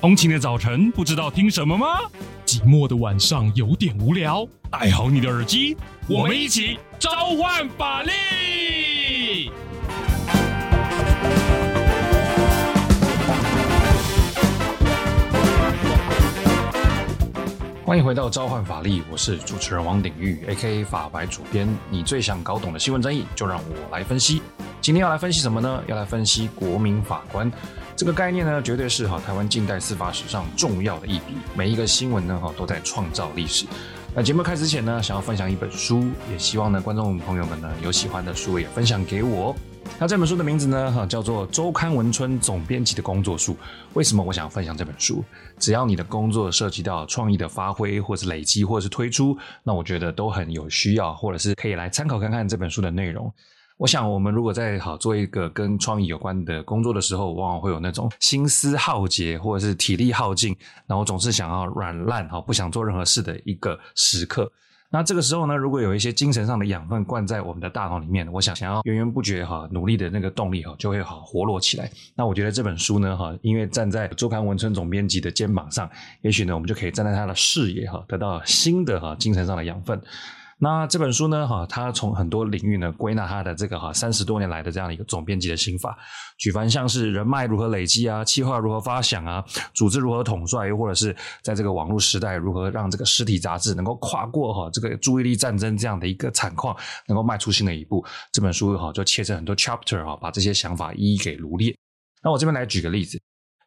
通勤的早晨，不知道聽什麼嗎？寂寞的晚上有點無聊，戴好你的耳機，我們一起召喚法力！法力歡迎回到召喚法力，我是主持人王鼎棫，AKA 法白主編。你最想搞懂的新聞爭議，就讓我來分析。今天要來分析什麼呢？要來分析國民法官。這個概念呢，絕對是哈台灣近代司法史上重要的一筆。每一個新聞呢，哈都在創造歷史。那節目開始前呢，想要分享一本書，也希望呢觀眾朋友們呢有喜歡的書也分享給我。那這本書的名字呢，哈叫做《周刊文春總編輯的工作書》。為什麼我想分享這本書？只要你的工作涉及到創意的發揮，或是累積，或是推出，那我覺得都很有需要，或者是可以來參考看看這本書的內容。我想，我們如果在好做一個跟創意有關的工作的時候，往往會有那種心思耗竭或者是體力耗盡，然後總是想要軟爛哈，不想做任何事的一個時刻。那這個時候呢，如果有一些精神上的養分灌在我們的大腦裡面，我想想要源源不絕哈，努力的那個動力哈，就會好活絡起來。那我覺得這本書呢哈，因為站在周刊文春總編輯的肩膀上，也許呢，我們就可以站在他的視野哈，得到新的哈精神上的養分。那這本書呢，哈，他從很多領域呢歸納他的這個哈三十多年來的這樣一個總編輯的心法。舉凡像是人脈如何累積啊，企劃如何發想啊，組織如何統帥，又或者是在這個網絡時代如何讓這個實體雜誌能夠跨過哈這個注意力戰爭這樣的一個慘況，能夠邁出新的一步。這本書哈就切成很多 chapter 哈，把這些想法一一給羅列。那我這邊來舉個例子，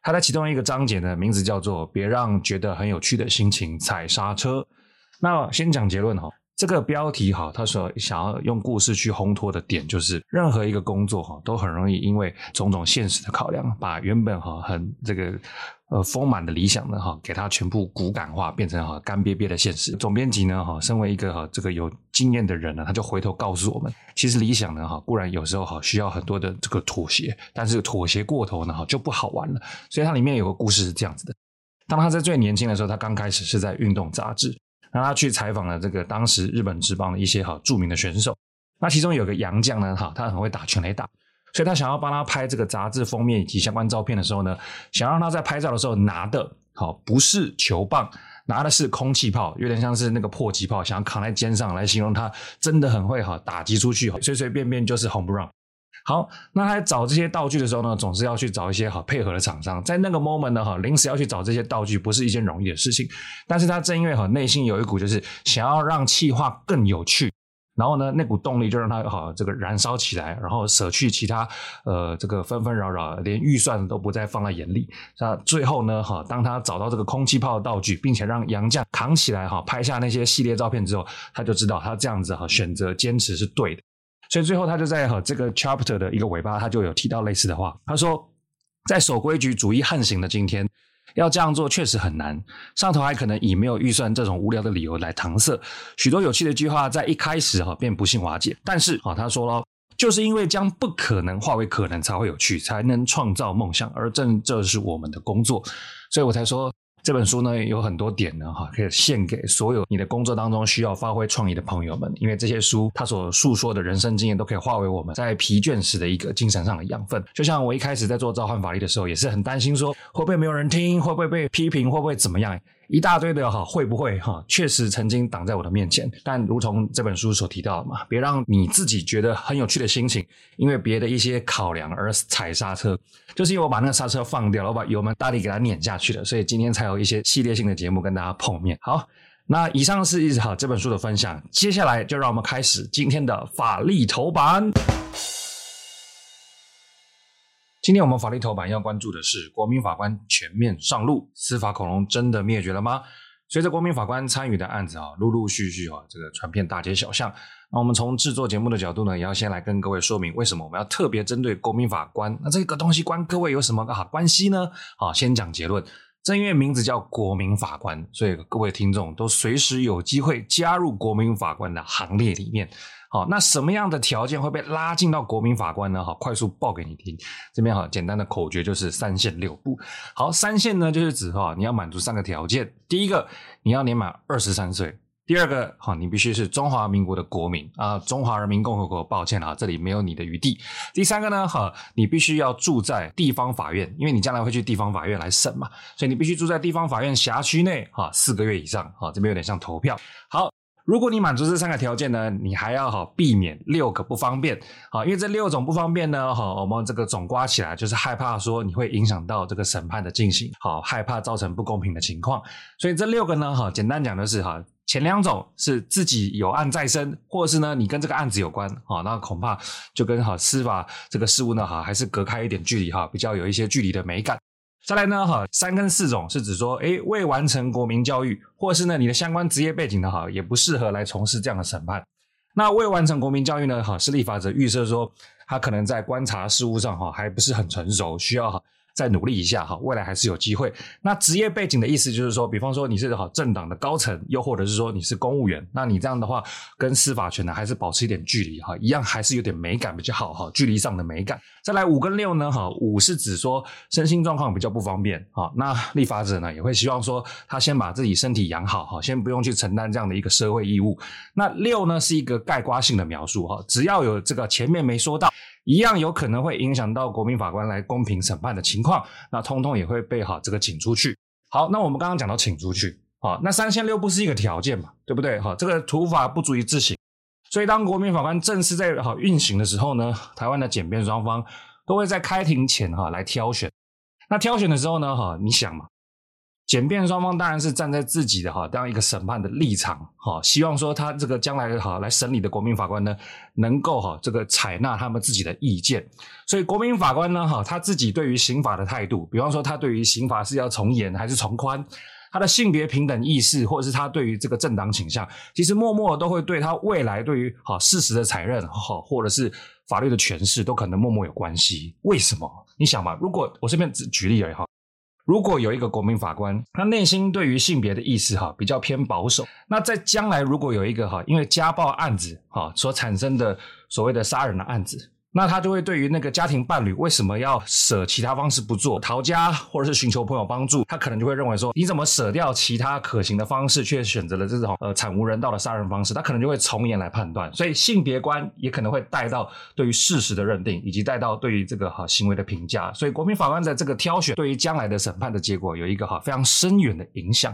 它在其中一個章節呢，名字叫做“別讓覺得很有趣的心情踩剎車”。那先講結論哈。這個標題哈，他所想要用故事去烘托的點，就是任何一個工作哈，都很容易因為種種現實的考量，把原本哈很這個呃豐滿的理想呢哈，給它全部骨感化，變成哈乾癟癟的現實。總編輯呢哈，身為一個哈這個有經驗的人呢，他就回頭告訴我們，其實理想呢哈，固然有時候哈需要很多的這個妥協，但是妥協過頭呢哈就不好玩了。所以它裡面有個故事是這樣子的：當他在最年輕的時候，他剛開始是在運動雜誌。讓他去採訪了這個當時日本職棒的一些哈著名的選手，那其中有個洋將呢，哈，他很會打全壘打，所以他想要幫他拍這個雜誌封面以及相關照片的時候呢，想讓他在拍照的時候拿的，哈，不是球棒，拿的是空氣炮，有點像是那個迫擊炮，想要扛在肩上來形容他真的很會哈，打擊出去，隨隨便便就是 home run。好，那他在找這些道具的時候呢，總是要去找一些好、啊、配合的廠商。在那個 moment 呢、啊，臨時要去找這些道具不是一件容易的事情。但是他正因為哈、啊、內心有一股就是想要讓氣化更有趣，然後呢，那股動力就讓他哈、啊、這個燃燒起來，然後舍去其他呃這個紛紛擾擾，連預算都不再放在眼裡。那、啊、最後呢哈、啊，當他找到這個空氣炮的道具，並且讓楊絳扛起來哈、啊，拍下那些系列照片之後，他就知道他這樣子哈、啊、選擇堅持是對的。所以最後他就在哈這個 chapter 的一個尾巴，他就有提到類似的話。他說，在守規矩主義橫行的今天，要這樣做確實很難。上頭還可能以沒有預算這種無聊的理由來搪塞許多有趣的計劃，在一開始哈便不幸瓦解。但是啊，他說了，就是因為將不可能化為可能才會有趣，才能創造夢想，而正這是我們的工作。所以我才說。這本書呢，有很多點呢，哈，可以獻給所有你的工作當中需要發揮創意的朋友們，因為這些書它所訴說的人生經驗，都可以化為我們在疲倦時的一個精神上的養分。就像我一開始在做召喚法律的時候，也是很擔心說會不會沒有人聽，會不會被批評，會不會怎麼樣。一大堆的哈會不會哈確實曾經擋在我的面前，但如同這本書所提到的嘛，別讓你自己覺得很有趣的心情，因為別的一些考量而踩剎車，就是因為我把那個剎車放掉了，我把油門大力給它碾下去了，所以今天才有一些系列性的節目跟大家碰面。好，那以上是一直哈這本書的分享，接下來就讓我們開始今天的法歷頭版。今天我們法歷頭版要關注的是國民法官全面上路，司法恐龍真的滅絕了嗎？隨着國民法官參與的案子啊，陸陸續續啊，這個傳遍大街小巷。那我們從制作節目的角度呢，也要先來跟各位說明，為什麼我們要特別針對國民法官？那這個東西關各位有什麼個關係呢？啊，先講結論，正因為名字叫國民法官，所以各位聽眾都隨時有機會加入國民法官的行列裡面。好，那什麼樣的條件會被拉進到國民法官呢？哈，快速報給你聽。這邊哈，簡單的口訣就是三限六不。好，三限呢，就是指哈，你要滿足三個條件：第一個，你要年滿二十三歲；第二個，哈，你必須是中華民國的國民啊、呃，中華人民共和國，抱歉了，這裡沒有你的餘地；第三個呢，哈，你必須要住在地方法院，因為你將來會去地方法院來審嘛，所以你必須住在地方法院轄區內哈，四個月以上啊。這邊有點像投票。好。如果你滿足這三個條件呢，你還要好避免六個不方便，好，因為這六種不方便呢，哈，我們這個總括起來就是害怕說你會影響到這個審判的進行，好，害怕造成不公平的情況，所以這六個呢，哈，簡單講的、就是哈，前兩種是自己有案在身，或者是呢你跟這個案子有關，啊，那恐怕就跟哈司法這個事務呢，哈，還是隔開一點距離哈，比較有一些距離的美感。再來呢，哈，三跟四種是指說，哎，未完成國民教育，或是呢，你的相關職業背景的哈，也不適合來從事這樣的審判。那未完成國民教育呢，哈，是立法者預設說，他可能在觀察事物上哈還不是很成熟，需要哈再努力一下哈，未來還是有機會。那職業背景的意思就是說，比方說你是好政黨的高層，又或者是說你是公務員，那你這樣的話跟司法權呢還是保持一點距離哈，一樣還是有點美感比較好哈，距離上的美感。再來五跟六呢？哈，五是指說身心狀況比較不方便，哈，那立法者呢也會希望說他先把自己身體養好，哈，先不用去承擔這樣的一個社會義務。那六呢是一個概括性的描述，哈，只要有這個前面沒說到，一樣有可能會影響到國民法官來公平審判的情況，那通通也會被哈這個請出去。好，那我們剛剛講到請出去，啊，那三限六不是一個條件嘛，對不對？哈，這個徒法不足以自行。所以，當國民法官正式在哈運行的時候呢，台灣的檢辯雙方都會在開庭前哈來挑選。那挑選的時候呢，哈，你想嘛，檢辯雙方當然是站在自己的哈這樣一個審判的立場哈，希望說他這個將來哈來審理的國民法官呢，能夠哈這個採納他們自己的意見。所以，國民法官呢哈，他自己對於刑法的態度，比方說他對於刑法是要從嚴還是從寬。他的性別平等意識，或者是他對於這個政黨傾向，其實默默的都會對他未來對於哈事實的採認，哈或者是法律的詮釋，都可能默默有關係。為什麼？你想嘛，如果我這邊舉舉例而已哈，如果有一個國民法官，他內心對於性別的意識哈比較偏保守，那在將來如果有一個哈因為家暴案子哈所產生的所謂的殺人的案子。那他就會對於那個家庭伴侶為什麼要捨其他方式不做逃家，或者是尋求朋友幫助，他可能就會認為說，你怎麼捨掉其他可行的方式，卻選擇了這種呃慘無人道的殺人方式？他可能就會從嚴來判斷。所以性別觀也可能會帶到對於事實的認定，以及帶到對於這個好行為的評價。所以國民法官的這個挑選，對於將來的審判的結果有一個好非常深遠的影響。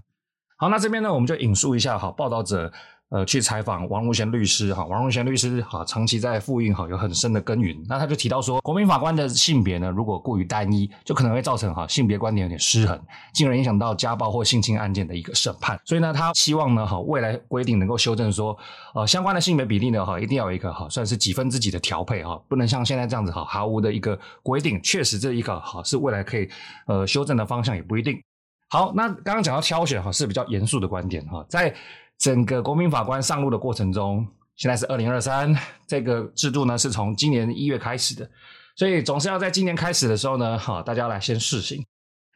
好，那這邊呢，我們就引述一下好報道者呃，去採訪王榮賢律師哈，王榮賢律師哈，長期在婦運，哈，有很深的耕耘。那他就提到說，國民法官的性別呢，如果過於單一，就可能會造成哈性別觀點有點失衡，進而影響到家暴或性侵案件的一個審判。所以呢，他希望呢哈，未來規定能夠修正說，呃，相關的性別比例呢哈，一定要有一個哈，算是幾分之幾的調配哈，不能像現在這樣子哈，毫無的一個規定。確實這一個哈是未來可以呃修正的方向，也不一定。好，那剛剛講到挑選哈是比較嚴肅的觀點哈，在。整個國民法官上路的過程中，現在是二零二三，這個制度呢是從今年一月開始的，所以總是要在今年開始的時候呢，哈，大家來先試行。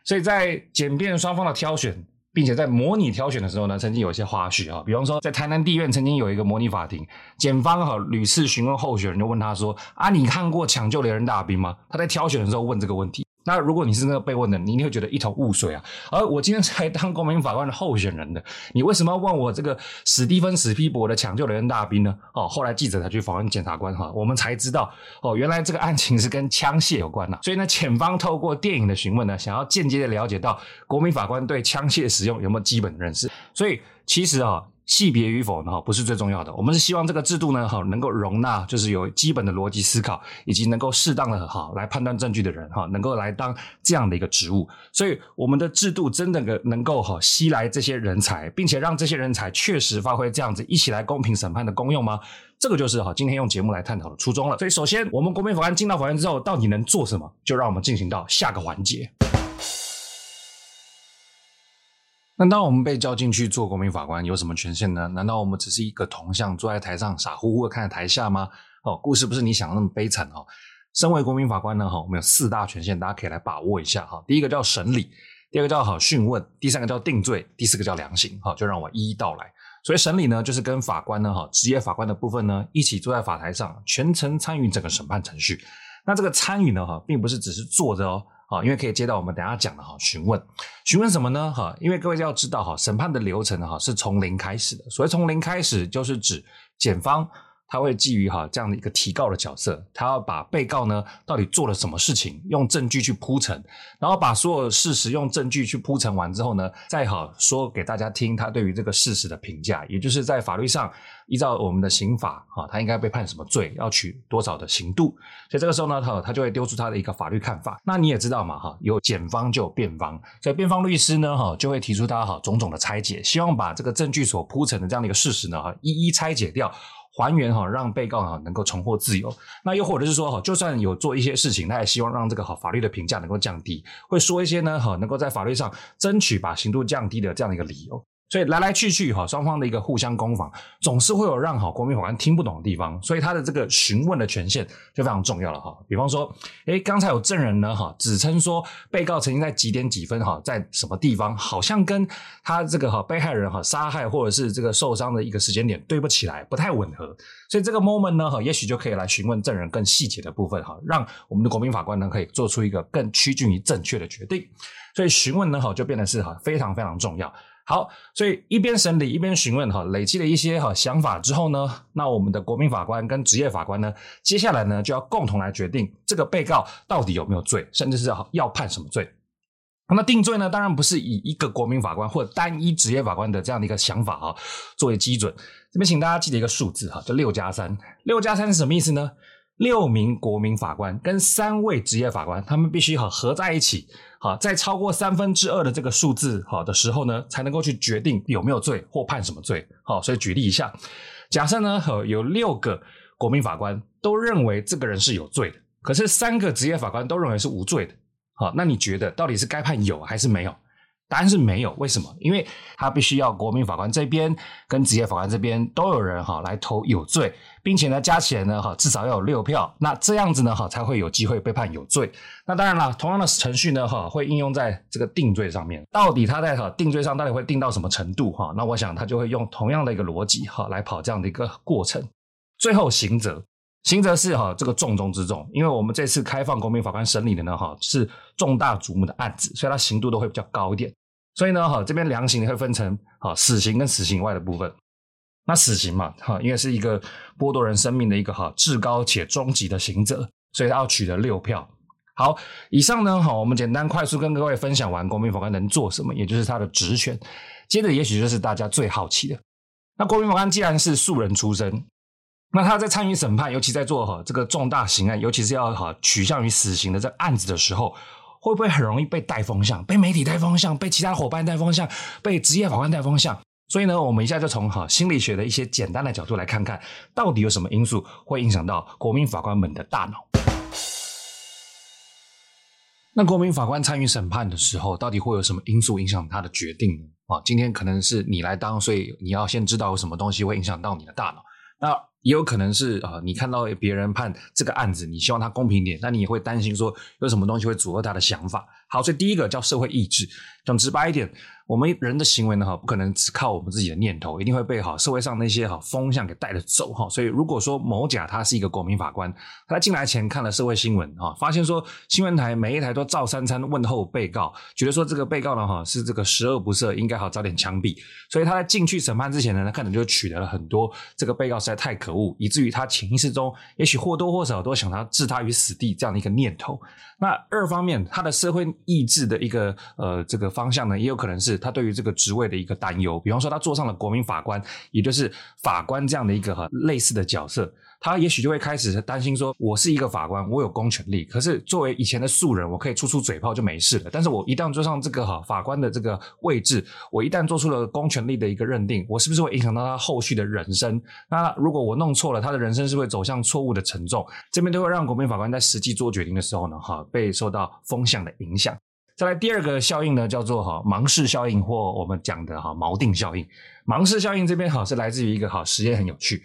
所以在檢辯雙方的挑選，並且在模擬挑選的時候呢，曾經有一些花絮啊，比方說在台南地院曾經有一個模擬法庭，檢方哈屢次詢問候選人，就問他說啊，你看過《搶救雷恩大兵》嗎？他在挑選的時候問這個問題。那如果你是那個被問的，你一定會覺得一頭霧水啊。而我今天才當國民法官的候選人的，你為什麼要問我這個史蒂芬史皮博的搶救人員大兵呢？哦，後來記者才去訪問檢察官哈、哦，我們才知道哦，原來這個案情是跟槍械有關吶、啊。所以呢，檢方透過電影的詢問呢，想要間接的了解到國民法官對槍械使用有沒有基本的認識。所以其實啊、哦。系別與否呢？哈，不是最重要的。我們是希望這個制度呢，哈，能夠容納就是有基本的邏輯思考，以及能夠適當的哈來判斷證據的人哈，能夠來當這樣的一個職務。所以，我們的制度真的能夠哈吸來這些人才，並且讓這些人才確實發揮這樣子一起來公平審判的功用嗎？這個就是哈今天用節目來探討的初衷了。所以，首先我們國民法官進到法院之後，到底能做什麼？就讓我們進行到下個環節。那當我們被叫進去做國民法官，有什麼權限呢？難道我們只是一個銅像坐在台上傻乎乎的看着台下嗎？哦，故事不是你想的那麼悲慘哦。身為國民法官呢，哈、哦，我們有四大權限，大家可以來把握一下哈、哦。第一個叫審理，第二個叫訊問，第三個叫定罪，第四個叫量刑。哈、哦，就讓我一一道來。所以審理呢，就是跟法官呢，哈，職業法官的部分呢，一起坐在法台上，全程參與整個審判程序。那這個參與呢，哈，並不是只是坐着、哦。因為可以接到我們等下講的哈，詢問。詢問什麼呢？哈，因為各位要知道哈，審判的流程哈是從零開始的。所以從零開始，就是指檢方。他會基於哈這樣的一個提告的角色，他要把被告呢到底做了什麼事情，用證據去鋪陳，然後把所有事實用證據去鋪陳完之後呢，再哈說給大家聽他對於這個事實的評價，也就是在法律上依照我們的刑法哈，他應該被判什麼罪，要取多少的刑度。所以這個時候呢，他他就會丟出他的一個法律看法。那你也知道嘛，哈，有檢方就有辯方，所以辯方律師呢哈就會提出他哈種種的拆解，希望把這個證據所鋪陳的這樣的一個事實呢哈一一拆解掉。還原哈，讓被告哈能夠重獲自由。那又或者是說哈，就算有做一些事情，他也希望讓這個哈法律的評價能夠降低，會說一些呢哈，能夠在法律上爭取把刑度降低的這樣的一個理由。所以來來去去哈，雙方的一個互相攻防，總是會有讓哈國民法官聽不懂的地方，所以他的這個詢問的權限就非常重要了哈。比方說，哎，剛才有證人呢哈，指稱說被告曾經在幾點幾分哈，在什麼地方，好像跟他這個哈被害人哈殺害或者是這個受傷的一個時間點對不起來，不太吻合，所以這個 moment 呢哈，也許就可以來詢問證人更細節的部分哈，讓我們的國民法官呢可以做出一個更趨近於正確的決定。所以詢問呢，哈就變得是哈非常非常重要。好，所以一邊審理一邊詢問哈，累積了一些哈想法之後呢，那我們的國民法官跟職業法官呢，接下來呢就要共同來決定這個被告到底有沒有罪，甚至是要判什麼罪。那麼定罪呢，當然不是以一個國民法官或者單一職業法官的這樣的一個想法啊作為基準。這邊請大家記得一個數字哈，叫六加三。六加三是什麼意思呢？六名國民法官跟三位職業法官，他們必須好合在一起，好，在超過三分之二的這個數字好的時候呢，才能夠去決定有沒有罪或判什麼罪。好，所以舉例一下，假設呢有六個國民法官都認為這個人是有罪的，可是三個職業法官都認為是無罪的。好，那你覺得到底是該判有還是沒有？答案是沒有，為什麼？因為他必須要國民法官這邊跟職業法官這邊都有人哈來投有罪，並且呢加起來呢哈至少要有六票，那這樣子呢哈才會有機會被判有罪。那當然了，同樣的程序呢哈會應用在這個定罪上面。到底他在哈定罪上到底會定到什麼程度哈？那我想他就會用同樣的一個邏輯哈來跑這樣的一個過程，最後刑責。刑責是哈這個重中之重，因為我們這次開放國民法官審理的呢哈是重大矚目的案子，所以它刑度都會比較高一點。所以呢哈這邊量刑會分成哈死刑跟死刑外的部分。那死刑嘛哈因為是一個剝奪人生命的一個哈至高且終極的刑責，所以他要取得六票。好，以上呢哈我們簡單快速跟各位分享完國民法官能做什麼，也就是他的職權。接着也許就是大家最好奇的，那國民法官既然是素人出身，那他在參與審判，尤其在做哈這個重大刑案，尤其是要哈取向於死刑的這個案子的時候，會不會很容易被帶風向？被媒體帶風向，被其他夥伴帶風向，被職業法官帶風向？所以呢，我們一下就從哈心理學的一些簡單的角度來看看，到底有什麼因素會影響到國民法官們的大腦？那國民法官參與審判的時候，到底會有什麼因素影響他的決定呢？啊，今天可能是你來當，所以你要先知道有什麼東西會影響到你的大腦。那也有可能是啊、呃，你看到別人判這個案子，你希望他公平點，那你也會擔心說有什麼東西會阻礙他的想法。好，所以第一個叫社會意志，講直白一點。我們人的行為呢，哈，不可能只靠我們自己的念頭，一定會被哈社會上那些哈風向給帶着走，哈。所以，如果說某甲他是一個國民法官，他在進來前看了社會新聞，哈，發現說新聞台每一台都照三餐問候被告，覺得說這個被告呢，哈，是這個十惡不赦，應該好早點槍斃。所以他在進去審判之前呢，他可能就取得了很多這個被告實在太可惡，以至於他潛意識中也許或多或少都想要置他於死地這樣的一個念頭。那二方面，他的社會意志的一個呃這個方向呢，也有可能是。他對於這個職位的一個擔憂，比方說他坐上了國民法官，也就是法官這樣的一個類似的角色，他也許就會開始擔心說：我是一個法官，我有公權力，可是作為以前的素人，我可以出出嘴炮就沒事了。但是我一旦坐上這個哈法官的這個位置，我一旦做出了公權力的一個認定，我是不是會影響到他後續的人生？那如果我弄錯了，他的人生是不是會走向錯誤的沉重？這邊都會讓國民法官在實際做決定的時候呢，哈，被受到風向的影響。再來第二個效應呢，叫做哈盲視效應或我們講的哈錨定效應。盲視效應這邊哈是來自於一個哈實驗，很有趣。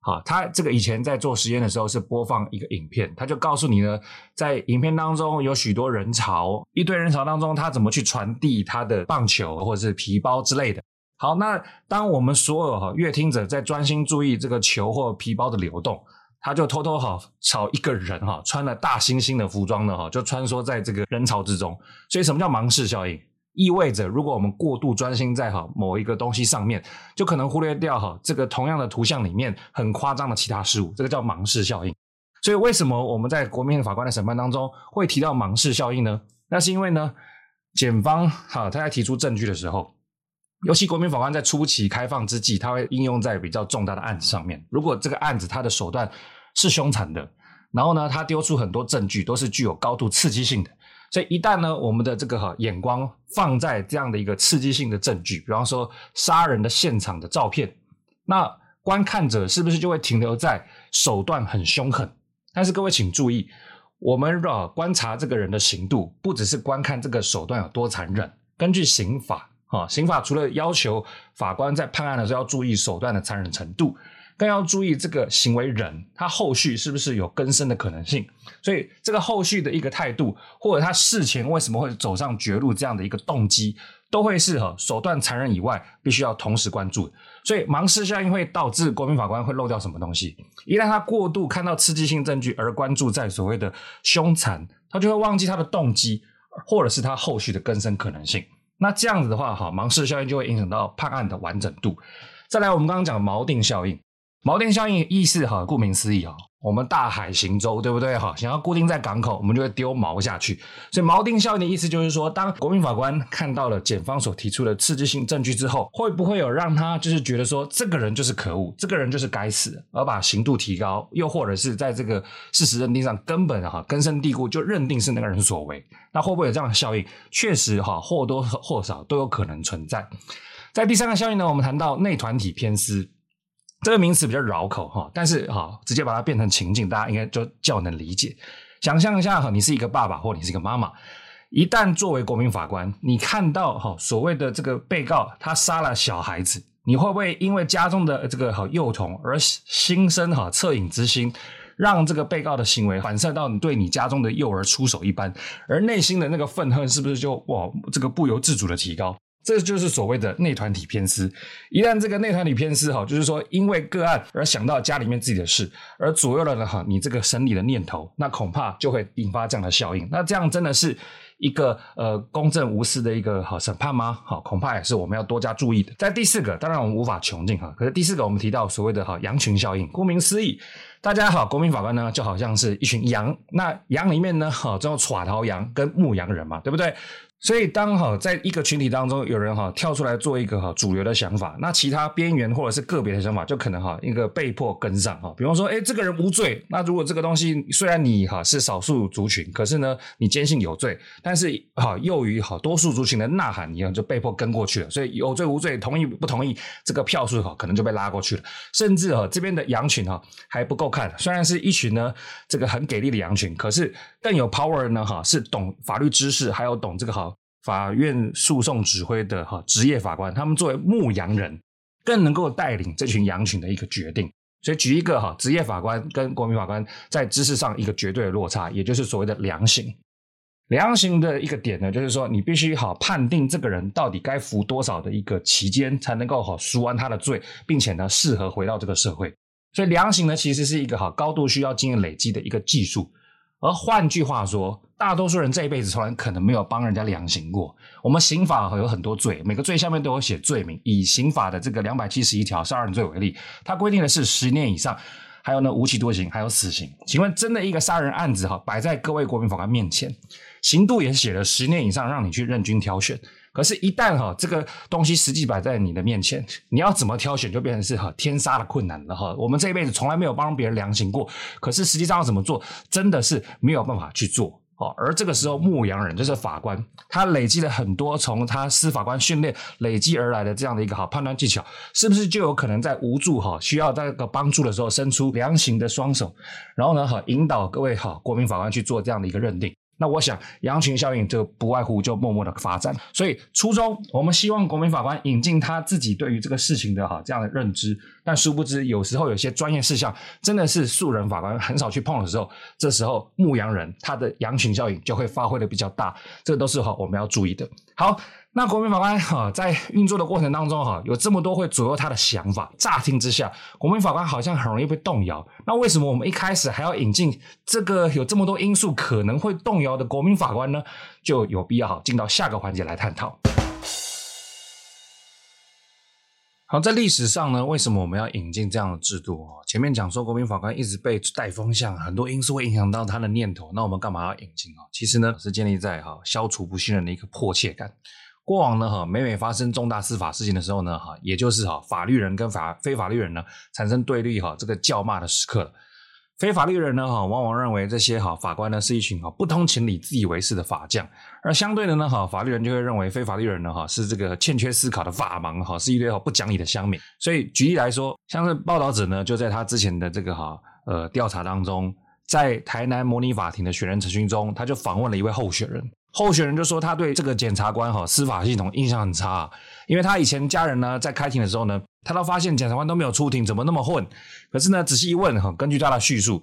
哈，他這個以前在做實驗的時候是播放一個影片，他就告訴你呢，在影片當中有許多人潮，一堆人潮當中他怎麼去傳遞他的棒球或者是皮包之類的。好，那當我們所有哈閱聽者在專心注意這個球或皮包的流動。他就偷偷好朝一個人哈，穿了大猩猩的服裝呢哈，就穿梭在這個人潮之中。所以什麼叫盲視效應？意味着如果我們過度專心在哈某一個東西上面，就可能忽略掉哈這個同樣的圖像裡面很誇張的其他事物。這個叫盲視效應。所以為什麼我們在國民法官的審判當中會提到盲視效應呢？那是因為呢，檢方哈他在提出證據的時候，尤其國民法官在初期開放之際，他會應用在比較重大的案子上面。如果這個案子他的手段是凶殘的，然後呢，他丟出很多證據，都是具有高度刺激性的。所以一旦呢，我們的這個眼光放在這樣的一個刺激性的證據，比方說殺人的現場的照片，那觀看者是不是就會停留在手段很凶狠？但是各位請注意，我們啊觀察這個人的刑度，不只是觀看這個手段有多殘忍。根據刑法啊，刑法除了要求法官在判案的時候要注意手段的殘忍程度。更要注意這個行為人他後續是不是有更生的可能性，所以這個後續的一個態度，或者他事前為什麼會走上絕路這樣的一個動機，都會是哈，手段殘忍以外，必須要同時關注。所以盲視效應會導致國民法官會漏掉什麼東西？一旦他過度看到刺激性證據而關注在所謂的兇殘，他就會忘記他的動機，或者是他後續的更生可能性。那這樣子的話，哈，盲視效應就會影響到判案的完整度。再來，我們剛剛講的錨定效應。錨定效應意思哈，顧名思義哈，我們大海行舟對不對哈？想要固定在港口，我們就會丟錨下去。所以錨定效應的意思就是說，當國民法官看到了檢方所提出的刺激性證據之後，會不會有讓他就是覺得說這個人就是可惡，這個人就是該死，而把刑度提高，又或者是在這個事實認定上根本哈根深蒂固就認定是那個人所為？那會不會有這樣的效應？確實哈，或多或少都有可能存在。在第三個效應呢，我們談到內團體偏私。這個名詞比較繞口哈，但是哈，直接把它變成情境，大家應該就較能理解。想象一下哈，你是一個爸爸或你是一個媽媽，一旦作為國民法官，你看到哈所謂的這個被告他殺了小孩子，你會不會因為家中的這個幼童而心生哈惻隱之心，讓這個被告的行為反射到你對你家中的幼兒出手一般，而內心的那個憤恨是不是就哇這個不由自主的提高？這就是所謂的內團體偏私，一旦這個內團體偏私哈，就是說因為個案而想到家裡面自己的事，而左右了呢哈，你這個審理的念頭，那恐怕就會引發這樣的效應。那這樣真的是一個呃公正無私的一個好審判嗎？好，恐怕也是我們要多加注意的。在第四個，當然我們無法窮盡哈，可是第四個我們提到所謂的哈羊群效應，顧名思義，大家好，國民法官呢就好像是一群羊，那羊裡面呢哈，這種耍頭羊跟牧羊人嘛，對不對？所以，當哈在一個群體當中有人哈跳出來做一個哈主流的想法，那其他邊緣或者是個別的想法，就可能哈一個被迫跟上哈。比方說，哎，這個人無罪。那如果這個東西雖然你哈是少數族群，可是呢，你堅信有罪，但是哈又於好多數族群的吶喊一樣，你就被迫跟過去了。所以有罪無罪，同意不同意，這個票數哈可能就被拉過去了。甚至哈這邊的羊群哈還不夠看，雖然是一群呢這個很給力的羊群，可是更有 power 呢哈是懂法律知識，還有懂這個哈。法院訴訟指揮的哈職業法官，他們作為牧羊人，更能夠帶領這群羊群的一個決定。所以，舉一個哈職業法官跟國民法官在知識上一個絕對的落差，也就是所謂的量刑。量刑的一個點呢，就是說你必須好判定這個人到底該服多少的一個期間，才能夠好贖完他的罪，並且呢適合回到這個社會。所以量呢，量刑呢其實是一個好高度需要經驗累積的一個技術。而換句話說，大多數人這一輩子從來可能沒有幫人家量刑過。我們刑法有很多罪，每個罪下面都有寫罪名。以刑法的這個兩百七十一條殺人罪為例，它規定的是十年以上，還有呢無期徒刑，還有死刑。請問，真的一個殺人案子哈，擺在各位國民法官面前，刑度也寫了十年以上，讓你去任君挑選。可是，一旦哈這個東西實際擺在你的面前，你要怎麼挑選？就變成是哈天殺的困難了哈。我們這一輩子從來沒有幫別人量刑過，可是實際上要怎麼做，真的是沒有辦法去做哦。而這個時候，牧羊人就是法官，他累積了很多從他司法官訓練累積而來的這樣的一個好判斷技巧，是不是就有可能在無助哈需要這個幫助的時候，伸出量刑的雙手，然後呢，哈引導各位哈國民法官去做這樣的一個認定。那我想，羊群效應就不外乎就默默的發展。所以初衷，我們希望國民法官引進他自己對於這個事情的哈這樣的認知。但殊不知，有時候有些專業事項真的是素人法官很少去碰的時候，這時候牧羊人他的羊群效應就會發揮的比較大。這都是哈我們要注意的。好。那國民法官哈，在運作的過程當中哈，有這麼多會左右他的想法。乍聽之下，國民法官好像很容易被動搖。那為什麼我們一開始還要引進這個有這麼多因素可能會動搖的國民法官呢？就有必要進到下個環節來探討。好，在歷史上呢，為什麼我們要引進這樣的制度？前面講說國民法官一直被帶風向，很多因素會影響到他的念頭。那我們幹嘛要引進？其實呢，是建立在哈消除不信任的一個迫切感。過往呢哈，每每發生重大司法事情的時候呢哈，也就是哈法律人跟法非法律人呢產生對立哈，這個叫罵的時刻了。非法律人呢哈，往往認為這些哈法官呢是一群哈不通情理、自以為是的法匠；而相對的呢哈，法律人就會認為非法律人呢哈是這個欠缺思考的法盲，哈是一堆哈不講理的鄉民。所以舉例來說，像是報導者呢，就在他之前的這個哈呃調查當中，在台南模擬法庭的選人程序中，他就訪問了一位候選人。候選人就說他對這個檢察官哈、哦、司法系統印象很差、啊，因為他以前家人呢在開庭的時候呢，他都發現檢察官都沒有出庭，怎麼那麼混？可是呢仔細一問哈，根據他的敘述，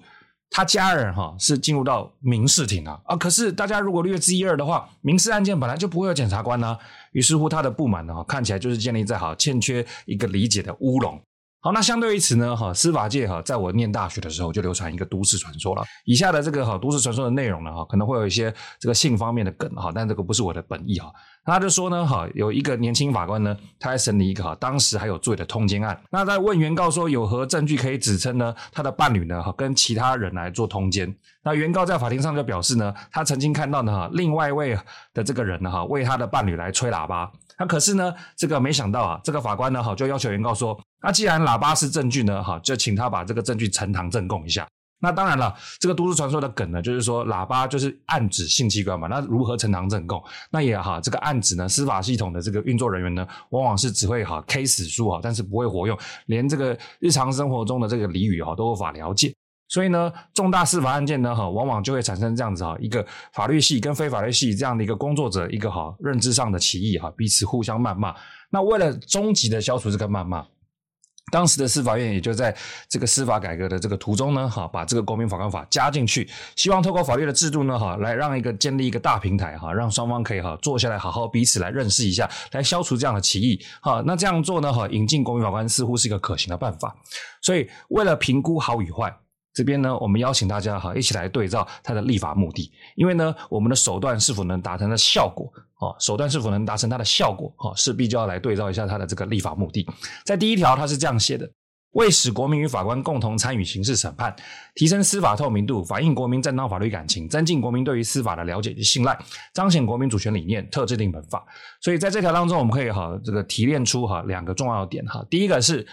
他家人哈、哦、是進入到民事庭啊啊！可是大家如果略知一二的話，民事案件本來就不會有檢察官呢、啊，於是乎他的不滿呢、啊、看起來就是建立在好欠缺一個理解的烏龍。好，那相對於此呢，哈，司法界哈，在我念大學的時候就流傳一個都市傳說了，以下的這個哈都市傳說的內容呢，哈，可能會有一些這個性方面的梗哈，但這個不是我的本意哈。他就說呢，哈，有一個年輕法官呢，他在審理一個哈當時還有罪的通奸案，那在問原告說有何證據可以指稱呢他的伴侶呢哈跟其他人來做通奸。那原告在法庭上就表示呢，他曾經看到呢哈另外一位的這個人呢哈為他的伴侶來吹喇叭，那可是呢這個沒想到啊，這個法官呢哈就要求原告說。那既然喇叭是證據呢，哈，就請他把這個證據呈堂證供一下。那當然了，這個都市傳說的梗呢，就是說喇叭就是暗指性器官嘛。那如何呈堂證供？那也好，這個暗指呢，司法系統的這個運作人員呢，往往是只會哈 K 死書哈，但是不會活用，連這個日常生活中的這個俚語哈都無法了解。所以呢，重大司法案件呢，哈，往往就會產生這樣子哈一個法律系跟非法律系這樣的一個工作者一個哈，認知上的歧義哈，彼此互相謾罵。那為了終極的消除這個謾罵。當時的司法院也就在這個司法改革的這個途中呢，哈，把這個國民法官法加進去，希望透過法律的制度呢，哈，來讓一個建立一個大平台，哈，讓雙方可以哈坐下來好好彼此來認識一下，來消除這樣的歧義，哈，那這樣做呢，哈，引進國民法官似乎是一個可行的辦法，所以為了評估好與壞。這邊呢，我們邀請大家哈，一起來對照它的立法目的，因為呢，我們的手段是否能達成的效果，啊，手段是否能達成它的效果，哦，勢必就要來對照一下它的這個立法目的。在第一條，它是這樣寫的：為使國民與法官共同參與刑事審判，提升司法透明度，反映國民正當法律感情，增進國民對於司法的了解與信賴，彰顯國民主權理念，特制定本法。所以在這條當中，我們可以哈這個提煉出哈兩個重要點哈，第一個是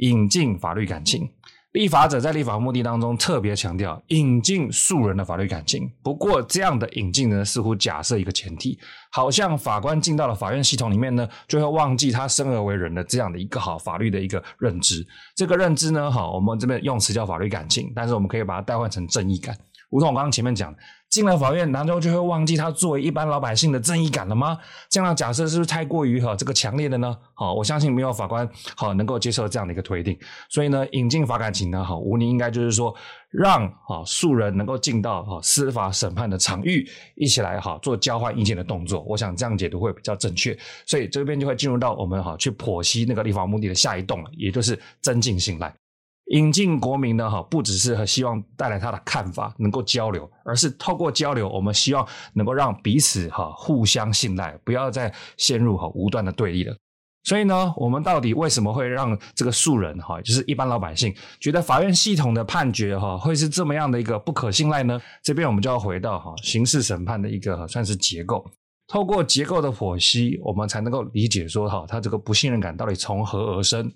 引進法律感情。立法者在立法目的當中特別強調引進素人的法律感情，不過這樣的引進呢，似乎假設一個前提，好像法官進到了法院系統裡面呢，就會忘記他生而為人的這樣的一個好法律的一個認知。這個認知呢，好，我們這邊用詞叫法律感情，但是我們可以把它代換成正義感。如同我剛剛前面講的。進了法院，難道就會忘記他作為一般老百姓的正義感了嗎？這樣的假設是不是太過於哈、啊、這個強烈的呢？好、啊，我相信沒有法官好、啊、能夠接受這樣的一個推定。所以呢，引進法感情呢，好、啊，毋寧應該就是說，讓啊素人能夠進到啊司法審判的場域一起來哈、啊、做交換意見的動作。我想這樣解讀會比較準確。所以這邊就會進入到我們哈、啊、去剖析那個立法目的的下一段，也就是增進信賴。引進國民呢，哈，不只是希望帶來他的看法，能夠交流，而是透過交流，我們希望能夠讓彼此哈互相信賴，不要再陷入哈無端的對立了。所以呢，我們到底為什麼會讓這個素人哈，就是一般老百姓，覺得法院系統的判決哈會是這麼樣的一個不可信賴呢？這邊我們就要回到哈刑事審判的一個算是結構，透過結構的剖析，我們才能夠理解說哈，他這個不信任感到底從何而生。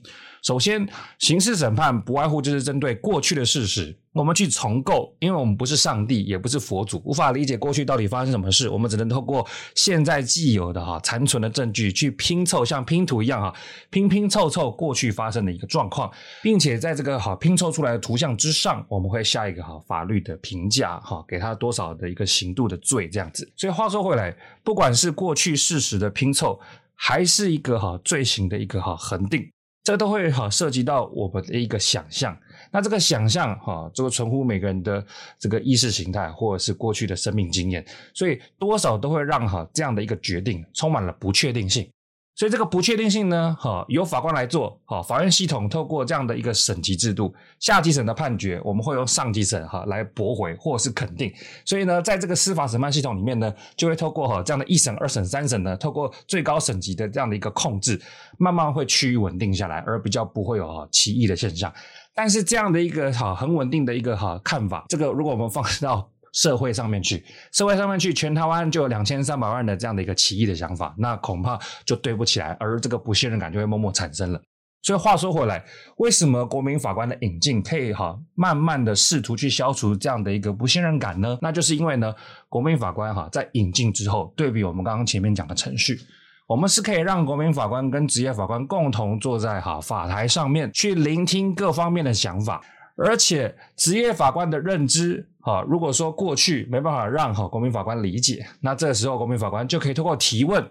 首先，刑事審判不外乎就是針對過去的事實，我們去重構，因為我們不是上帝，也不是佛祖，無法理解過去到底發生什麼事，我們只能透過現在既有的哈殘存的證據去拼湊，像拼圖一樣哈，拼拼湊湊過去發生的一個狀況，並且在這個哈拼湊出來的圖像之上，我們會下一個哈法律的評價哈，給他多少的一個刑度的罪這樣子。所以話說回來，不管是過去事實的拼湊，還是一個哈罪行的一個哈恆定。這都會哈涉及到我們的一個想象那這個想象哈，這個存乎每個人的這個意識形態，或者是過去的生命經驗，所以多少都會讓哈這樣的一個決定充滿了不確定性。所以這個不確定性呢，哈，由法官來做，哈，法院系統透過這樣的一個審級制度，下級審的判決，我們會由上級審哈來駁回或是肯定。所以呢，在這個司法審判系統裡面呢，就會透過哈這樣的一審、二審、三審呢，透過最高審級的這樣的一個控制，慢慢會趨於穩定下來，而比較不會有哈歧異的現象。但是這樣的一個哈很穩定的一個哈看法，這個如果我們放到。社會上面去，社會上面去，全台灣就有兩千三百萬的這樣的一個歧異的想法，那恐怕就對不起來，而這個不信任感就會默默產生了。所以話說回來，為什麼國民法官的引進可以哈、啊，慢慢的試圖去消除這樣的一個不信任感呢？那就是因為呢，國民法官哈、啊、在引進之後，對比我們剛剛前面講的程序，我們是可以讓國民法官跟職業法官共同坐在哈、啊、法台上面去聆聽各方面的想法。而且職業法官的認知，哈，如果說過去沒辦法讓哈國民法官理解，那這個時候國民法官就可以透過提問，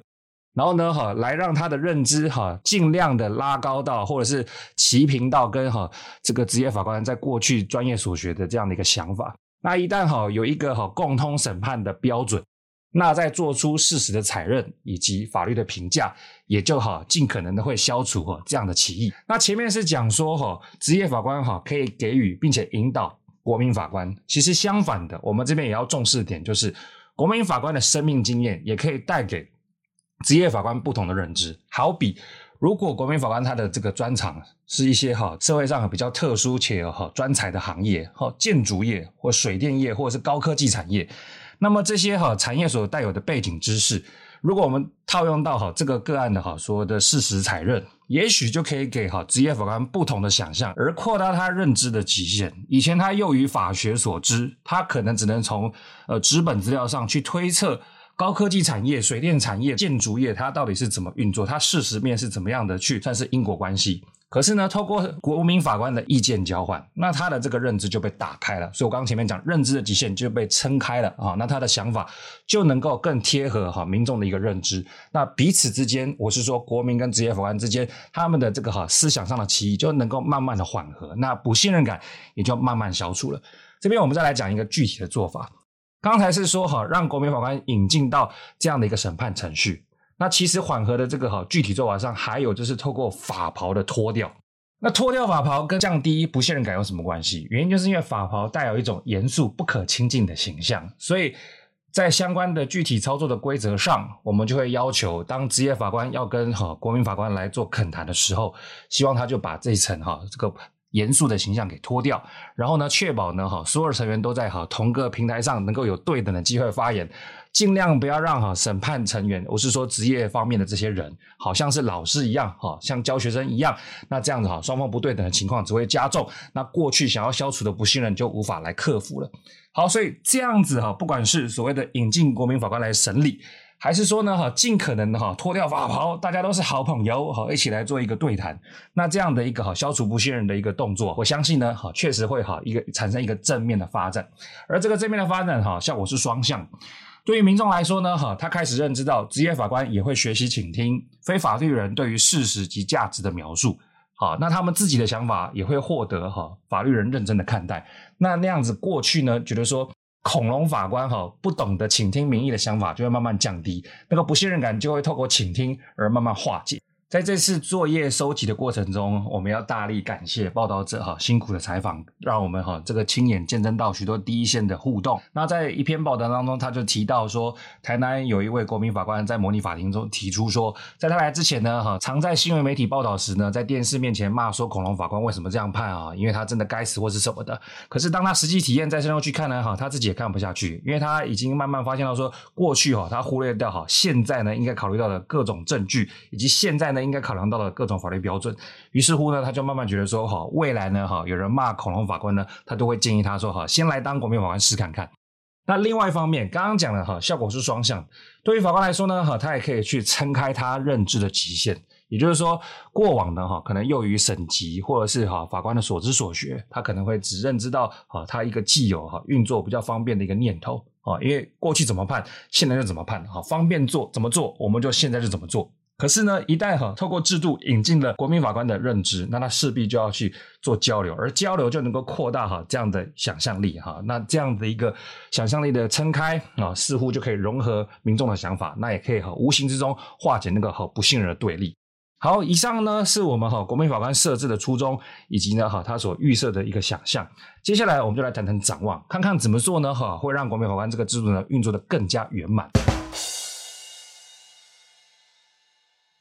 然後呢哈，來讓他的認知哈盡量的拉高到，或者是齊平到跟哈這個職業法官在過去專業所學的這樣的一個想法。那一旦哈有一個哈共通審判的標準。那再做出事實的採認以及法律的評價，也就好盡可能的會消除哈這樣的歧義。那前面是講說哈職業法官哈可以給予並且引導國民法官，其實相反的，我們這邊也要重視一點，就是國民法官的生命經驗也可以帶給職業法官不同的認知。好比如果國民法官他的這個專長是一些哈社會上比較特殊且哈專才的行業，哈建築業或水電業或者是高科技產業。那麼這些哈產業所帶有的背景知識，如果我們套用到哈這個個案的哈所有的事實採認，也許就可以給哈職業法官不同的想象，而擴大他認知的極限。以前他囿於法學所知，他可能只能從呃紙本資料上去推測高科技產業、水電產業、建築業它到底是怎麼運作，它事實面是怎麼樣的去，算是因果關係。可是呢，透過國民法官的意見交換，那他的這個認知就被打開了，所以我剛剛前面講認知的極限就被撐開了啊，那他的想法就能夠更貼合哈民眾的一個認知，那彼此之間，我是說國民跟職業法官之間，他們的這個哈思想上的歧異，就能夠慢慢的緩和，那不信任感也就慢慢消除了。這邊我們再來講一個具體的做法，剛才是說哈讓國民法官引進到這樣的一個審判程序，那其實緩和的這個哈，具體做法上還有就是透過法袍的脫掉。那脫掉法袍跟降低不信任感有什麼關係？原因就是因為法袍帶有一種嚴肅、不可親近的形象，所以在相關的具體操作的規則上，我們就會要求當職業法官要跟哈國民法官來做懇談的時候，希望他就把這一層哈這個嚴肅的形象給脫掉，然後呢，確保呢哈所有成員都在哈同個平台上能夠有對等的機會發言。盡量不要讓哈審判成員，我是說職業方面的這些人，好像是老師一樣哈，像教學生一樣。那這樣子哈，雙方不對等的情況只會加重。那過去想要消除的不信任就無法來克服了。好，所以這樣子哈，不管是所謂的引進國民法官來審理，還是說呢哈，盡可能的哈脫掉法袍，大家都是好朋友哈，一起來做一個對談。那這樣的一個哈消除不信任的一個動作，我相信呢哈，確實會哈一個產生一個正面的發展。而這個正面的發展哈，效果是雙向。對於民眾來說呢，哈，他開始認知到，職業法官也會學習傾聽非法律人對於事實及價值的描述，好，那他們自己的想法也會獲得哈法律人認真的看待。那那樣子過去呢，覺得說恐龍法官哈不懂得傾聽民意的想法，就會慢慢降低，那個不信任感就會透過傾聽而慢慢化解。在這次作業收集的過程中，我們要大力感謝報道者哈、哦、辛苦的採訪，讓我們哈、哦、這個親眼見證到許多第一線的互動。那在一篇報道當中，他就提到說，台南有一位國民法官在模擬法庭中提出說，在他來之前呢哈、哦，常在新聞媒體報道時呢，在電視面前罵說恐龍法官為什麼這樣判啊、哦？因為他真的該死或是什麼的。可是當他實際體驗在身上去看呢哈、哦，他自己也看不下去，因為他已經慢慢發現到說，過去哈、哦、他忽略掉哈，現在呢應該考慮到的各種證據以及現在呢。那應該考量到了各種法律標準，於是乎呢，他就慢慢覺得說：“哈，未來呢，哈，有人罵恐龍法官呢，他都會建議他說：‘哈，先來當國民法官試看看。’那另外一方面，剛剛講了哈，效果是雙向。對於法官來說呢，哈，他也可以去撐開他認知的極限。也就是說，過往的哈，可能囿於審級或者是哈法官的所知所學，他可能會只認知到哈他一個既有哈運作比較方便的一個念頭啊，因為過去怎麼判，現在就怎麼判哈，方便做怎麼做，我們就現在就怎麼做。”可是呢，一旦哈、哦、透過制度引進了國民法官的認知，那他勢必就要去做交流，而交流就能夠擴大哈、哦、這樣的想象力哈、哦。那這樣的一個想象力的撐開啊、哦，似乎就可以融合民眾的想法，那也可以哈、哦，無形之中化解那個哈、哦、不信任的對立。好，以上呢是我們哈、哦、國民法官設置的初衷，以及呢哈、哦、他所預設的一個想象。接下來我們就來談談展望，看看怎麼做呢？哈、哦，會讓國民法官這個制度呢運作得更加圓滿。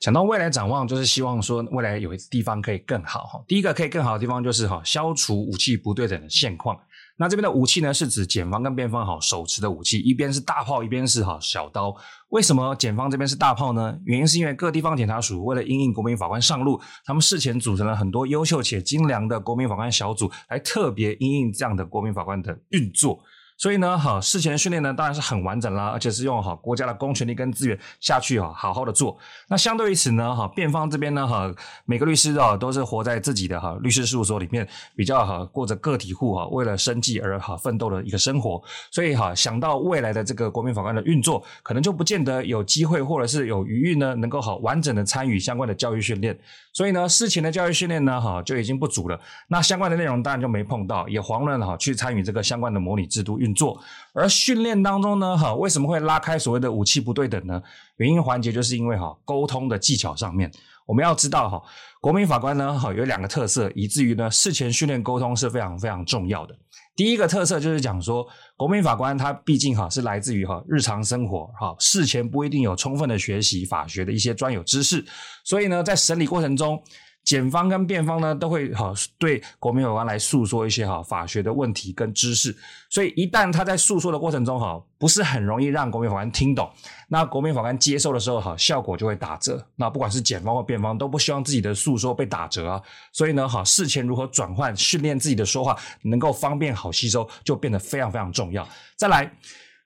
想到未來展望，就是希望說未來有一個地方可以更好哈。第一個可以更好的地方就是哈，消除武器不對等的現況。那這邊的武器呢，是指檢方跟辯方哈手持的武器，一邊是大炮，一邊是哈小刀。為什麼檢方這邊是大炮呢？原因是因為各地方檢察署為了因應國民法官上路，他們事前組成了很多優秀且精良的國民法官小組，來特別因應這樣的國民法官的運作。所以呢，哈事前訓練呢，當然是很完整啦，而且是用哈國家的公權力跟資源下去哈，好好的做。那相對於此呢，哈辯方這邊呢，哈每個律師啊都是活在自己的哈律師事務所裡面，比較哈過着個體戶哈為了生計而哈奮鬥的一個生活。所以哈想到未來的這個國民法官的運作，可能就不見得有機會或者是有餘裕呢，能夠好完整的參與相關的教育訓練。所以呢，事前的教育訓練呢，哈就已經不足了。那相關的內容當然就沒碰到，也遑論哈去參與這個相關的模擬制度。運作，而訓練當中呢，哈，為什麼會拉開所謂的武器不對等呢？原因環節就是因為哈溝通的技巧上面，我們要知道哈，國民法官呢哈有兩個特色，以至於呢事前訓練溝通是非常非常重要的。第一個特色就是講說，國民法官他畢竟哈是來自於哈日常生活，哈事前不一定有充分的學習法學的一些專有知識，所以呢在審理過程中，檢方跟辯方呢，都會哈對國民法官來訴說一些哈法學的問題跟知識，所以一旦他在訴說的過程中哈，不是很容易讓國民法官聽懂，那國民法官接受的時候哈，效果就會打折。那不管是檢方或辯方都不希望自己的訴說被打折啊，所以呢哈，事前如何轉換訓練自己的說話，能夠方便好吸收，就變得非常非常重要。再來，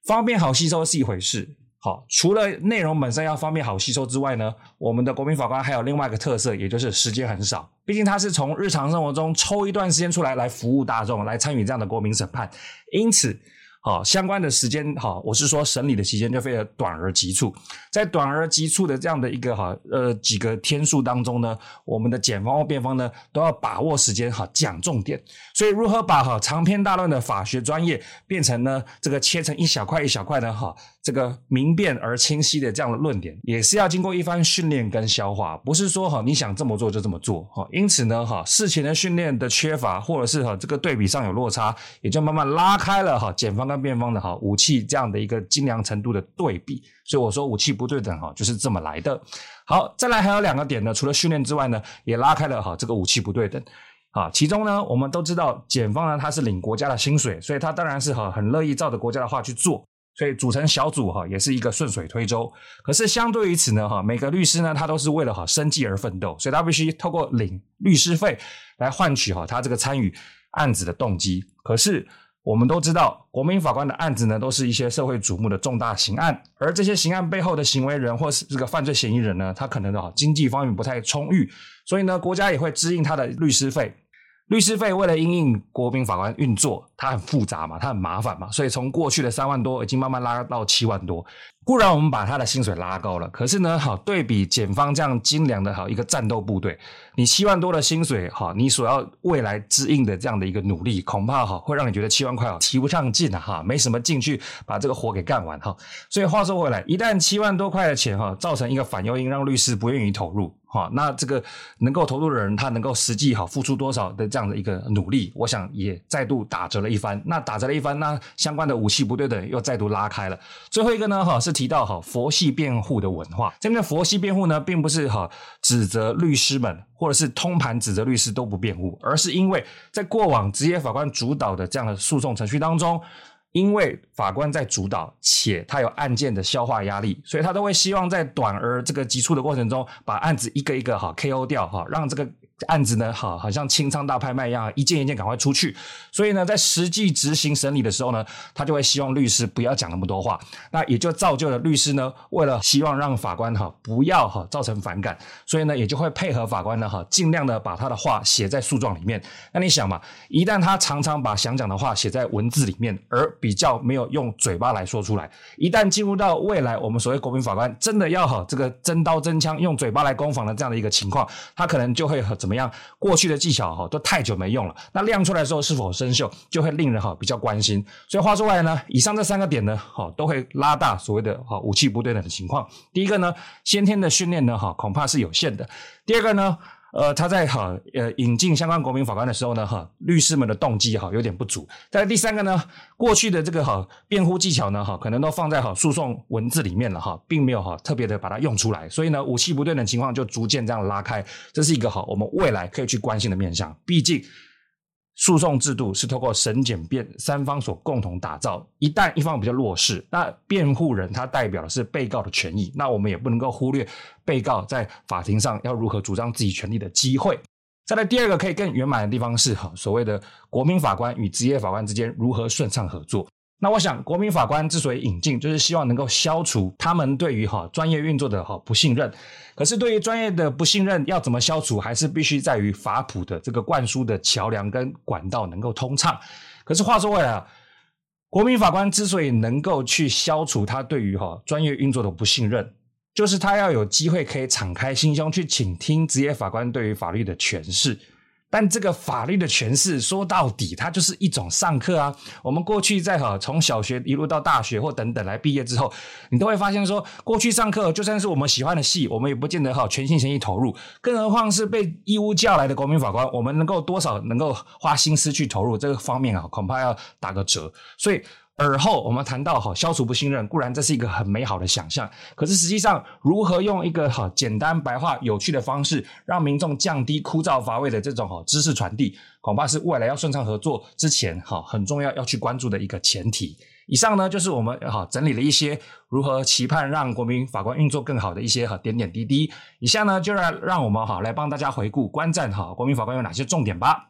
方便好吸收是一回事。好，除了內容本身要方便好吸收之外呢，我們的國民法官還有另外一個特色，也就是時間很少。畢竟他是從日常生活中抽一段時間出來，來服務大眾，來參與這樣的國民審判，因此。啊，相關的時間哈，我是說，審理的時間就非常短而急促，在短而急促的這樣的一個哈呃幾個天數當中呢，我們的檢方或辯方呢都要把握時間哈，講重點。所以如何把哈長篇大論的法學專業變成呢這個切成一小塊一小塊的哈這個明辨、而清晰的這樣的論點，也是要經過一番訓練跟消化，不是說哈你想這麼做就這麼做哈。因此呢哈事前的訓練的缺乏，或者是哈這個對比上有落差，也就慢慢拉開了哈檢方跟辯方的哈武器這樣的一個精良程度的對比，所以我說武器不對等哈，就是這麼來的。好，再來還有兩個點呢，除了訓練之外呢，也拉開了哈這個武器不對等啊。其中呢，我們都知道檢方呢，他是領國家的薪水，所以他當然是哈很樂意照着國家的話去做，所以組成小組哈也是一個順水推舟。可是相對於此呢哈，每個律師呢，他都是為了哈生計而奮鬥，所以他必須透過領律師費來換取哈他這個參與案子的動機。可是我們都知道，國民法官的案子呢，都是一些社會矚目的重大刑案，而這些刑案背後的行為人或是這個犯罪嫌疑人呢，他可能啊經濟方面不太充裕，所以呢，國家也會支應他的律師費。律師費為了因應國民法官運作，它很複雜嘛，它很麻煩嘛，所以從過去的三萬多已經慢慢拉到七萬多。固然我們把他的薪水拉高了，可是呢，好對比檢方這樣精良的哈一個戰鬥部隊，你七萬多的薪水哈，你所要未來支應的這樣的一個努力，恐怕哈會讓你覺得七萬塊啊提不上勁啊哈，沒什麼勁去把這個活給幹完哈。所以話說回來，一旦七萬多塊的錢哈造成一個反誘因，讓律師不願意投入哈，那這個能夠投入的人，他能夠實際好付出多少的這樣的一個努力，我想也再度打折了一番。那打折了一番，那相關的武器不對等又再度拉開了。最後一個呢哈是。提到哈佛系辯護的文化，這邊的佛系辯護呢，並不是哈指責律師們，或者是通盤指責律師都不辯護，而是因為在過往職業法官主導的這樣的訴訟程序當中，因為法官在主導，且他有案件的消化壓力，所以他都會希望在短而這個急促的過程中，把案子一個一個哈 KO 掉哈，讓這個。案子呢，好好像清倉大拍賣一樣，一件一件趕快出去。所以呢，在實際執行審理的時候呢，他就會希望律師不要講那麼多話。那也就造就了律師呢，為了希望讓法官哈不要哈造成反感，所以呢，也就會配合法官呢哈，盡量的把他的話寫在訴狀裡面。那你想嘛，一旦他常常把想講的話寫在文字裡面，而比較沒有用嘴巴來說出來，一旦進入到未來，我們所謂國民法官真的要哈這個真刀真槍用嘴巴來攻防的這樣的一個情況，他可能就會和怎怎麼樣？過去的技巧哈都太久沒用了，那亮出來的時候是否生鏽，就會令人哈比較關心。所以話說回來呢，以上這三個點呢哈都會拉大所謂的哈武器不對等的情況。第一個呢，先天的訓練呢哈恐怕是有限的。第二個呢。呃，他在哈、啊、呃引進相關國民法官的時候呢，哈、啊、律師們的動機哈、啊、有點不足。但是第三個呢，過去的這個哈、啊、辯護技巧呢，哈、啊、可能都放在哈、啊、訴訟文字裡面了哈、啊，並沒有哈、啊、特別的把它用出來。所以呢，武器不對等的情況就逐漸這樣拉開，這是一個哈、啊、我們未來可以去關心的面向。畢竟。訴訟制度是透過審檢辯三方所共同打造，一旦一方比較弱勢，那辯護人他代表的是被告的權益，那我們也不能夠忽略被告在法庭上要如何主張自己權利的機會。再來第二個可以更圓滿的地方是哈，所謂的國民法官與職業法官之間如何順暢合作。那我想，國民法官之所以引進，就是希望能夠消除他們對於哈專業運作的哈、哦、不信任。可是，對於專業的不信任，要怎麼消除，還是必須在於法普的這個灌輸的橋樑跟管道能夠通暢。可是話說回來，國民法官之所以能夠去消除他對於哈專業運作的不信任，就是他要有機會可以敞開心胸去傾聽職業法官對於法律的詮釋。但這個法律的詮釋，說到底，它就是一種上課啊。我們過去再好，從小學一路到大學，或等等來畢業之後，你都會發現說，過去上課就算是我們喜歡的戲，我們也不見得好全心全意投入。更何況是被義務叫來的國民法官，我們能夠多少能夠花心思去投入這個方面啊？恐怕要打個折。所以。而後，我們談到哈消除不信任，固然這是一個很美好的想象，可是實際上如何用一個哈簡單白話、有趣的方式，讓民眾降低枯燥乏味的這種哈知識傳遞，恐怕是未來要順暢合作之前哈很重要要去關注的一個前提。以上呢就是我們哈整理了一些如何期盼讓國民法官運作更好的一些哈點點滴滴。以下呢就讓讓我們哈來幫大家回顧觀戰哈國民法官有哪些重點吧。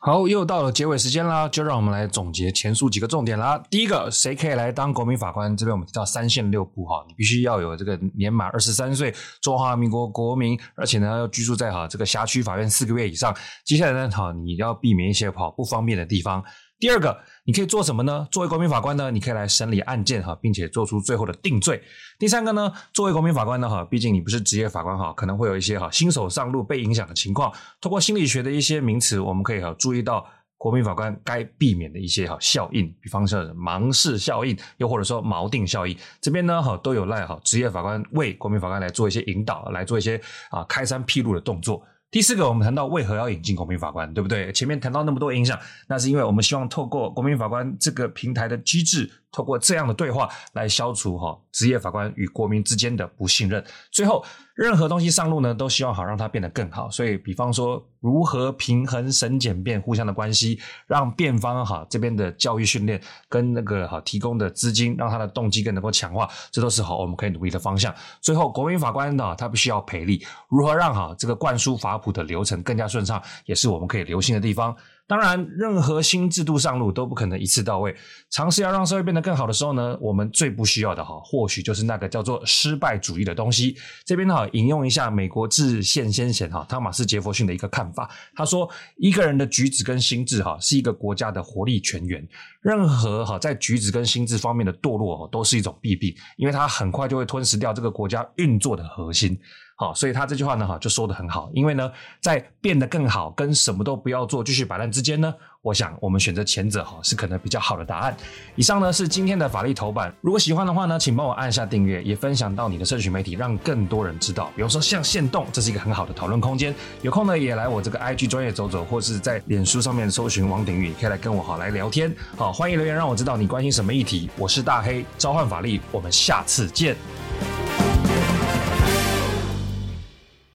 好，又到了結尾時間啦，就讓我們來總結前述幾個重點啦。第一個，誰可以來當國民法官？這邊我們提到三限六不哈，你必須要有這個年滿二十三歲，中華民國國民，而且呢要居住在哈這個轄區法院四個月以上。接下來呢哈，你要避免一些跑不方便的地方。第二個，你可以做什麼呢？作為國民法官呢，你可以來審理案件哈，並且做出最後的定罪。第三個呢，作為國民法官呢哈，畢竟你不是職業法官哈，可能會有一些哈新手上路被影響的情況。通過心理學的一些名詞，我們可以哈注意到國民法官該避免的一些哈效應，比方說盲視效應，又或者說錨定效應。這邊呢哈都有賴哈職業法官為國民法官來做一些引導，來做一些啊開山闢路的動作。第四個，我們談到為何要引進國民法官，對不對？前面談到那麼多影響，那是因為我們希望透過國民法官這個平台的機制。透過這樣的對話來消除哈職業法官與國民之間的不信任。最後，任何東西上路呢，都希望好讓它變得更好。所以，比方說如何平衡審檢辯互相的關係，讓辯方哈這邊的教育訓練跟那個哈提供的資金，讓他的動機更能夠強化，這都是好我們可以努力的方向。最後，國民法官呢，他必須要培力。如何讓哈這個灌輸法普的流程更加順暢，也是我們可以留心的地方。當然，任何新制度上路都不可能一次到位。嘗試要讓社會變得更好的時候呢，我們最不需要的哈，或許就是那個叫做失敗主義的東西。這邊哈引用一下美國制憲先賢哈湯馬斯傑佛遜的一個看法，他說：“一個人的舉止跟心智哈是一個國家的活力泉源，任何哈在舉止跟心智方面的墮落都是一種弊病，因為它很快就會吞噬掉這個國家運作的核心。”好，所以他這句話呢，哈，就說得很好。因為呢，在變得更好跟什麼都不要做繼續擺爛之間呢，我想我們選擇前者，哈，是可能比較好的答案。以上呢是今天的法歷頭版。如果喜歡的話呢，請幫我按下訂閱，也分享到你的社群媒體，讓更多人知道。比如說像限動，這是一個很好的討論空間。有空呢，也來我這個 IG 專業走走，或是在臉書上面搜尋王鼎棫」，也可以來跟我好來聊天。好，歡迎留言讓我知道你關心什麼議題。我是大黑，召喚法力，我們下次見。